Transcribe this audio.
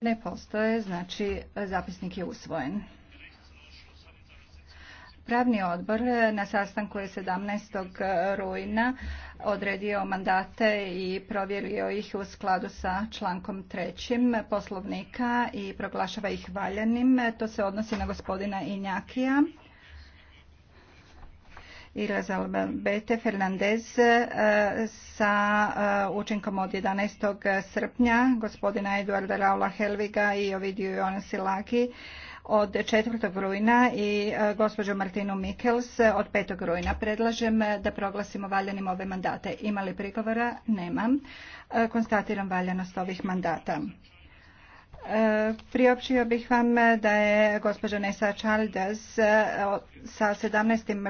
Ne postoje, znači zapisnik je usvojen. Pravni odbor na sastanku je 17. rujna odredio mandate i provjerio ih u skladu sa člankom 3. poslovnika i proglašava ih valjanim. To se odnosi na gospodina Injakija. Iraz Albete Fernandez e, sa e, učinkom od 11. srpnja, gospodina Eduarda Raula Helviga i Ovidiju Jona Silaki od 4. rujna i e, gospođu Martinu Mikels od 5. rujna. Predlažem da proglasimo valjanim ove mandate. Ima li prigovora? Nemam. Konstatiram valjanost ovih mandata. Priopćio bih vam da je gospođa Nesa Čaldas sa 17.